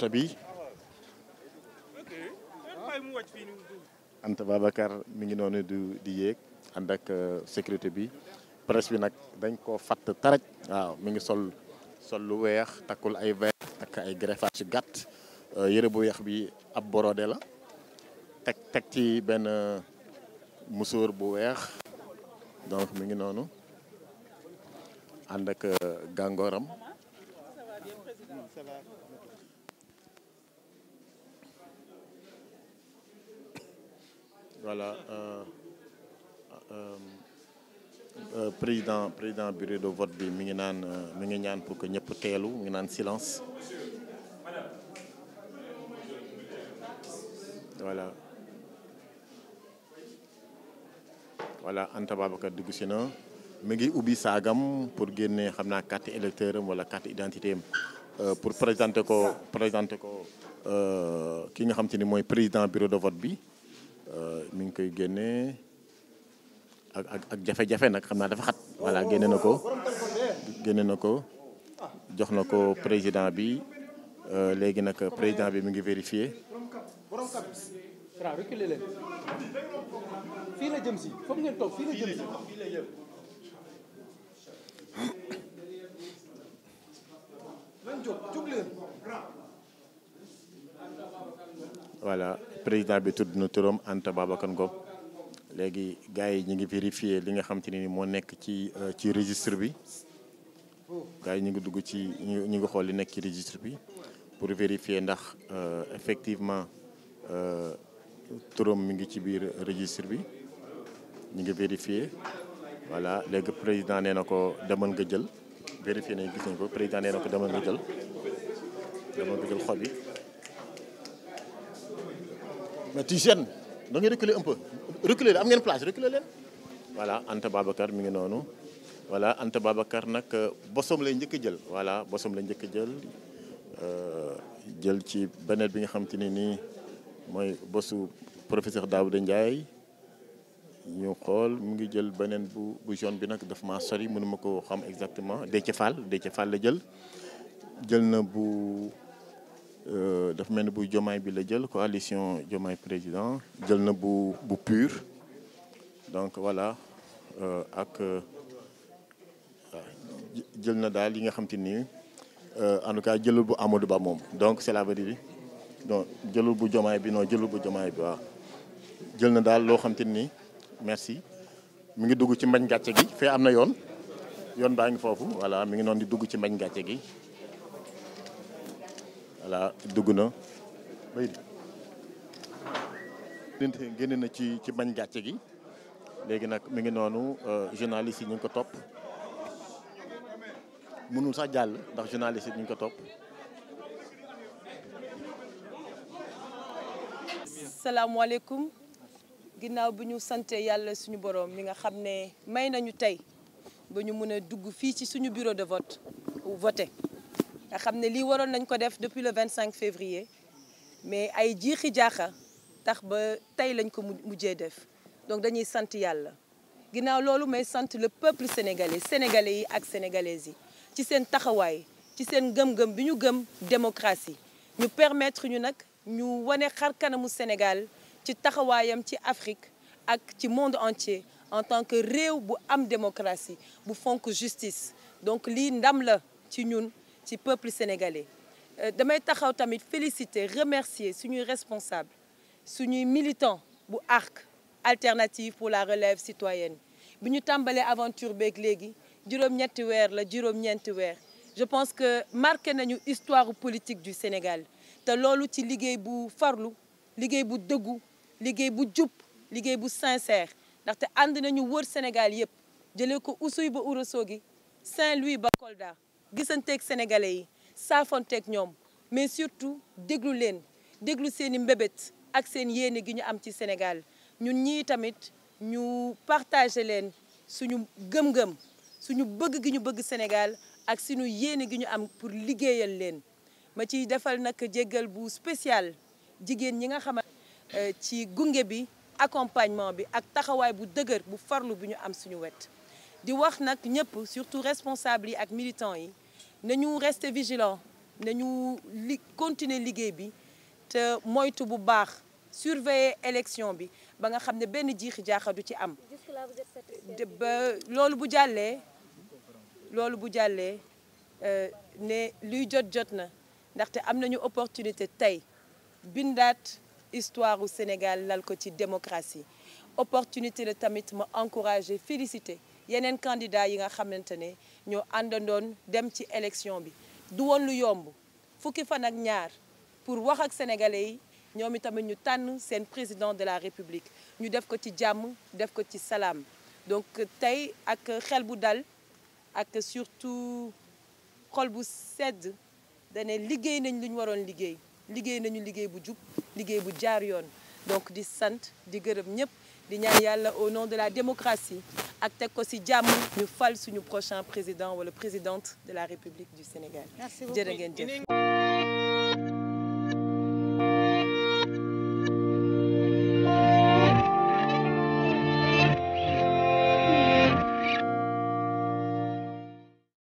oto bi Anta babakar mi ngi noonu du di yéeg ànd ak euh, sécurité bi presse bi nag dañ koo fatt taraj waaw mi ngi sol sol lu weex takkul ay verre ak ay ci gàtt euh, yére bu weex bi ab borode la teg teg ci benn euh, musóor bu weex donc mu ngi noonu ànd ak gàngooram voilà euh, président président bureau de vote bi mi ngi naan euh, mi ngi ñaan pour que ñëpp teelu mi ngi naan silence voilà voilà Anta Babacar dugg si na mu ngi ubbi saagam pour génne xam naa carte électeur am wala carte identité am euh, pour présenter ko présenter ko ki nga xam ci ni mooy président bureau de vote bi mi ngi koy génnee ak ak ak jafe-jafe nag xam naa dafa xat voilà génne na ko génne na ko jox na ko président bi euh, léegi nag président bi mi ngi vérifié. fii la président bi tudd na turam Anta Babacar Ngom léegi gars yi ñu ngi vérifier li nga xam te ne ni moo nekk ci euh, ci registre bi gars yi ñu ngi dugg ci ñu ngi xool li nekk ci registre bi pour vérifier ndax euh, effectivement euh, turam mi ngi ci biir registre bi ñu ngi vérifier voilà léegi président nee na ko demal nga jël vérifier nañ gis nañ ko président nee na ko demal nga jël demal nga jël xob yi mais tu gênes da ngay reculer am ngeen place reculer leen. voilà Anta Babacar mi ngi noonu voilà Anta Babacar nag euh, bosom lay njëkk jël voilà bosom lay njëkk jël euh, jël ci beneen bi nga xam te ne nii mooy bosu professeur Daouda Ndiaye ñu xool mu ngi jël beneen bu bu jaune bi nag daf ma sori mënuma ko xam exactement Déthié Fall Déthié Fall la jël jël na bu. Euh, dafa mel ni bu Diomaye bi la jël coalition Diomaye président jël na bu bu pur donc voilà euh, ak euh, jël na daal yi nga xam te ni en tout cas jëlul bu Amadou Ba moom donc c'est la vérité donc jëlul bu Diomaye bi non jëlul bu Diomaye bi waaw jël na daal loo xam te ni merci mu ngi dugg ci mbañ gàcce gi fee am na yoon yoon baa ngi foofu voilà mi ngi noonu di dugg ci mbañ gàcce gi voilà dugg na bay génn na ci ci bañ gàcce gi léegi nag mu ngi noonu euh, journaliste yi ñu ngi ko topp mënul sax jàll ndax journaliste yi ñu ngi ko topp salaamaaleykum ginnaaw bi ñu sante yàlla suñu borom mi nga xam ne may nañu tey ba ñu mën a dugg fii ci suñu bureau de vote voté nga xam ne lii waroon nañ ko def depuis le 25 février mais ay jiixi jaaxa tax ba tey lañ ko mujjee def donc dañuy sant yàlla ginnaaw loolu may sant le peuple sénégalais sénégalais yi ak sénégalaises yi ci seen taxawaay ci seen gëm-gëm bi ñu gëm démocratie ñu permettre ñu nag ñu wane xar kanamu Sénégal ci taxawaayam ci Afrique ak ci monde entier en tant que réew bu am démocratie bu fonk justice donc lii ndam la ci ñun ci peuple sénégalais euh, damay taxaw tamit féliciter remercier suñuy responsable suñuy militant bu ARC alternative pour la relève citoyenne bi ñu tàmbalee aventure beeg léegi juróom-ñetti weer la juróom-ñeenti weer je pense que marqué nañu histoire politique du Sénégal te loolu ci liggéey bu farlu liggéey bu dëggu liggéey bu jub liggéey bu sincère ndaxte ànd nañu wër Sénégal yëpp jëlee ko Oussouye ba Ourossogui Saint-Louis ba Kolda gisanteeg sénégalais yi saafonteeg ñoom mais surtout déglu leen déglu seen i mbébét ak seen yéene gi ñu am ci Sénégal ñun ñii tamit ñu partagé leen suñu gëm-gëm suñu bëgg gi ñu bëgg Sénégal ak suñu yéene gi ñu am pour liggéeyal leen ma ciy defal nag jéggal bu spécial jigéen ñi nga xamante euh, ci gunge bi accompagnement bi ak taxawaay bu dëgër bu farlu bi ñu am suñu wet di wax nag ñëpp surtout responsable yi ak militants yi nañu rester vigilant nañu li continuer liggéey bi te moytu bu baax surveiller élection bi ba nga xam ne benn jiixi jaaxa du ci am ba loolu bu jàllee loolu bu jàllee euh, ne luy jot jot na ndaxte am nañu opportunité tey bindaat histoire u Sénégal lal ko ci démocratie opportunité la tamit ma encourager féliciter yeneen candidat yi nga xamante ne ñoo àndandoon dem ci élection bi du woon lu yomb fukki fan ak ñaar pour wax ak sénégalais yi ñoom itamit ñu tànn seen président de la république ñu def ko ci jàmm def ko ci salaam donc tey ak xel bu dal ak surtout xol bu sedd dane liggéey nañ lu ñu waroon liggéey liggéey nañu liggéey bu jub liggéey bu jaar yoon donc di sant di gërëm ñëpp di ñaan yàlla au nom de la démocratie ak teg ko ci jàmm ñu fal suñu prochain président wala présidente de la République du Sénégal jërë ngeen jëf